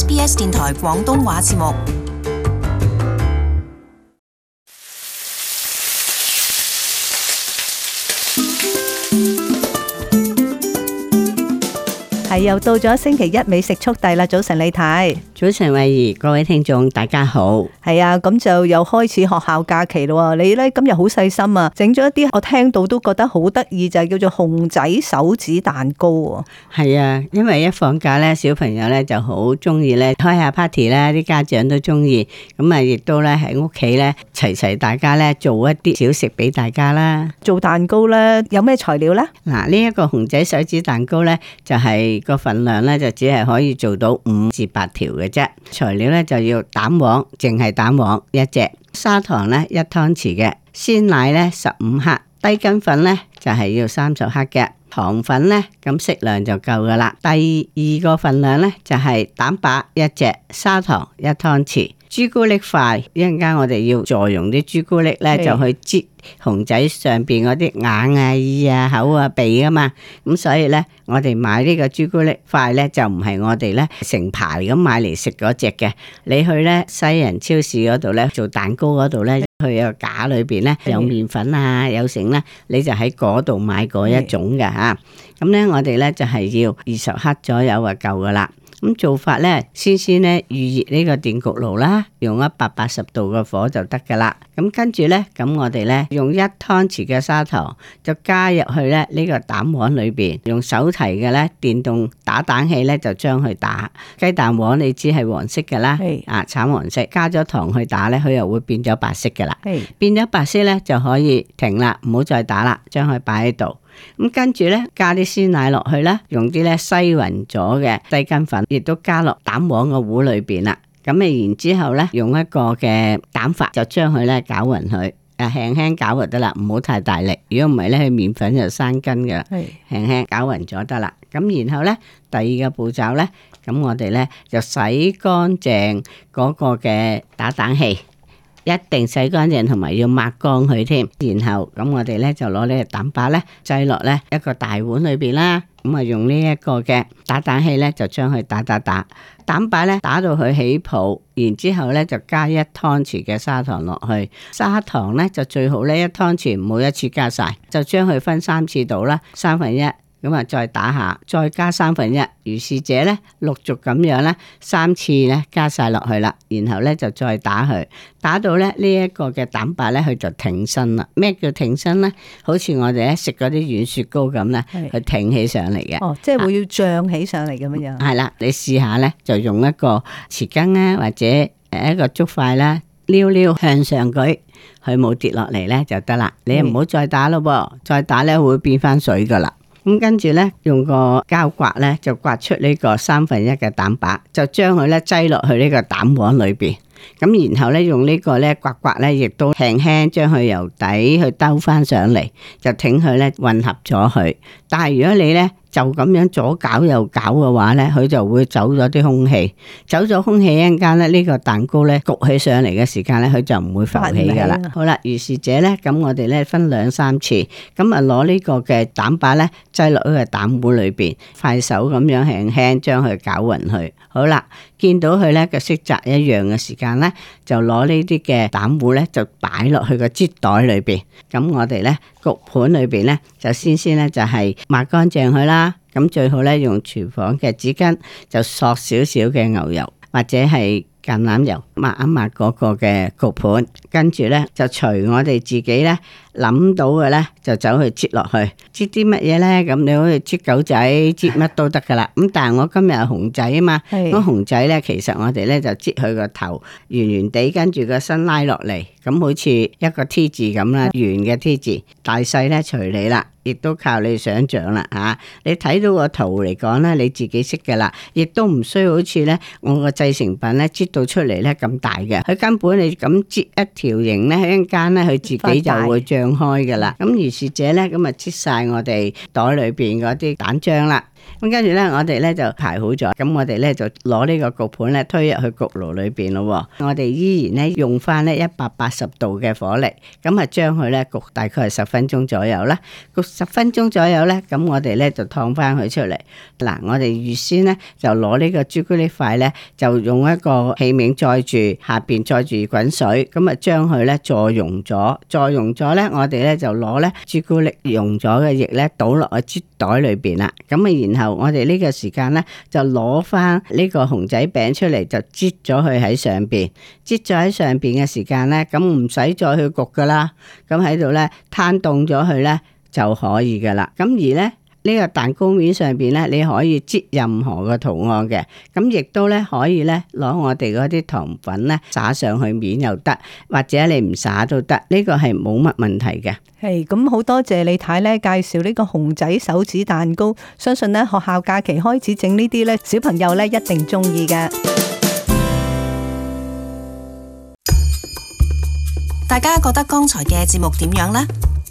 SBS 電台廣東話節目。又到咗星期一美食速遞啦！早晨，你睇，早晨惠兒，各位聽眾大家好。係啊，咁就又開始學校假期咯。你呢，今日好細心啊，整咗一啲我聽到都覺得好得意，就係、是、叫做熊仔手指蛋糕啊。係啊，因為一放假呢，小朋友呢就好中意呢，開下 party 咧，啲家長都中意，咁啊亦都呢，喺屋企呢，齊齊大家呢，做一啲小食俾大家啦。做蛋糕咧，有咩材料呢？嗱，呢、這、一個熊仔手指蛋糕呢，就係、是。個份量，呢就只係可以做到五至八條嘅啫，材料呢就要蛋黃，淨係蛋黃一隻，砂糖呢一湯匙嘅，鮮奶呢十五克，低筋粉呢就係要三十克嘅，糖粉呢咁適量就夠噶啦。第二個份量呢就係蛋白一隻，砂糖一湯匙。朱古力塊，一陣間我哋要再用啲朱古力咧，的就去擠熊仔上邊嗰啲眼啊、耳啊、口啊、鼻啊嘛。咁所以咧，我哋買呢個朱古力塊咧，就唔係我哋咧成排咁買嚟食嗰隻嘅。你去咧西人超市嗰度咧做蛋糕嗰度咧，的去個架裏邊咧有麵粉啊、有成咧，你就喺嗰度買嗰一種嘅吓。咁咧的我哋咧就係、是、要二十克左右啊，夠噶啦。咁做法呢，先先呢預熱呢個電焗爐啦，用一百八十度嘅火就得㗎喇。咁跟住呢，咁我哋呢用一湯匙嘅砂糖，就加入去呢呢個蛋黃裏面，用手提嘅呢電動打蛋器呢就將佢打。雞蛋黃你知係黃色㗎啦，Hey. 啊橙黃色，加咗糖去打呢，佢又會變咗白色㗎喇。Hey. 變咗白色呢就可以停喇，唔好再打喇，將佢擺喺度。咁跟住咧，加啲鮮奶落去啦，用啲咧篩勻咗嘅低筋粉，亦都加落蛋黃個糊裏邊啦。咁誒然之後咧，用一個嘅蛋法就將佢咧攪勻佢，誒輕輕攪就得啦，唔好太大力。如果唔係咧，佢麵粉就生筋噶啦，輕輕攪勻咗得啦。咁然後咧，第二個步驟咧，咁我哋咧就洗乾淨嗰個嘅打蛋器。一定洗乾淨，同埋要抹乾佢添。然後咁，我哋咧就攞呢個蛋白咧擠落咧一個大碗裏邊啦。咁啊，用呢一個嘅打蛋器咧，就將佢打打打。蛋白咧打到佢起泡，然之後咧就加一湯匙嘅砂糖落去。砂糖咧就最好咧一湯匙唔好一次加晒，就將佢分三次倒啦，三分一。咁啊，再打下，再加三分一，3，如是者咧，陸續咁樣咧，三次咧，加晒落去啦，然後咧就再打佢，打到咧呢一、這個嘅蛋白咧，佢就挺身啦。咩叫挺身咧？好似我哋咧食嗰啲軟雪糕咁咧，佢挺起上嚟嘅。哦，即係會要脹起上嚟咁樣。係啦、啊，你試下咧，就用一個匙羹咧、啊，或者誒一個竹塊啦，撩撩向上舉，佢冇跌落嚟咧就得啦。你唔好再打咯、嗯，再打咧會變翻水噶啦。跟住咧，用個膠刮咧，就刮出呢個三分一嘅蛋白，就將佢咧擠落去呢個蛋黃裏邊。咁然後咧，用個呢個咧刮刮咧，亦都輕輕將佢由底去兜翻上嚟，就等佢咧混合咗佢。但係如果你咧，就咁樣左攪右攪嘅話咧，佢就會走咗啲空氣，走咗空氣，一陣間咧呢個蛋糕咧焗起上嚟嘅時間咧，佢就唔會發起噶啦。好啦，如是者咧，咁我哋咧分兩三次，咁啊攞呢個嘅蛋白咧，擠落去個蛋糊裏邊，快手咁樣輕輕將佢攪匀去。好啦，見到佢咧個色澤一樣嘅時間咧，就攞呢啲嘅蛋糊咧就擺落去個紙袋裏邊。咁我哋咧焗盤裏邊咧就先先咧就係抹乾淨佢啦。咁最好咧，用廚房嘅紙巾就索少少嘅牛油，或者係橄欖油抹一抹嗰個嘅焗盤，跟住呢就隨我哋自己呢諗到嘅呢，就走去擠落去，擠啲乜嘢呢？咁你可以擠狗仔，擠乜都得噶啦。咁但係我今日係熊仔啊嘛，咁熊是仔呢，其實我哋呢就擠佢個頭圓圓地，跟住個身拉落嚟，咁好似一個 T 字咁啦，圓嘅 T 字，的大細呢隨你啦，亦都靠你想象啦吓。你睇到個圖嚟講呢，你自己識噶啦，亦都唔需要好似呢，我個製成品呢。做出嚟咧咁大嘅，佢根本你咁折一條形咧，一間咧佢自己就會脹開㗎啦。咁於是者咧，咁啊擠晒我哋袋裏邊嗰啲蛋漿啦。咁跟住咧，我哋咧就排好咗。咁我哋咧就攞呢個焗盤咧推入去焗爐裏邊咯。我哋依然咧用翻咧一百八十度嘅火力，咁啊將佢咧焗大概係十分鐘左右啦。焗十分鐘左右咧，咁我哋咧就燙翻佢出嚟。嗱，我哋預先咧就攞呢個朱古力塊咧，就用一個器皿載住下邊，載住滾水，咁啊將佢咧再溶咗，再溶咗咧，我哋咧就攞咧朱古力溶咗嘅液咧倒落去樽袋裏邊啦。咁啊，然後。我哋呢個時間呢，就攞翻呢個熊仔餅出嚟，就擠咗佢喺上邊，擠咗喺上邊嘅時間呢，咁唔使再去焗噶啦，咁喺度呢，攤凍咗佢呢，就可以噶啦，咁而呢。呢個蛋糕面上邊咧，你可以擠任何個圖案嘅，咁亦都咧可以咧攞我哋嗰啲糖粉咧撒上去面又得，或者你唔撒都得，呢個係冇乜問題嘅。係，咁好多謝李太咧介紹呢個熊仔手指蛋糕，相信咧學校假期開始整呢啲咧，小朋友咧一定中意嘅。大家覺得剛才嘅節目點樣咧？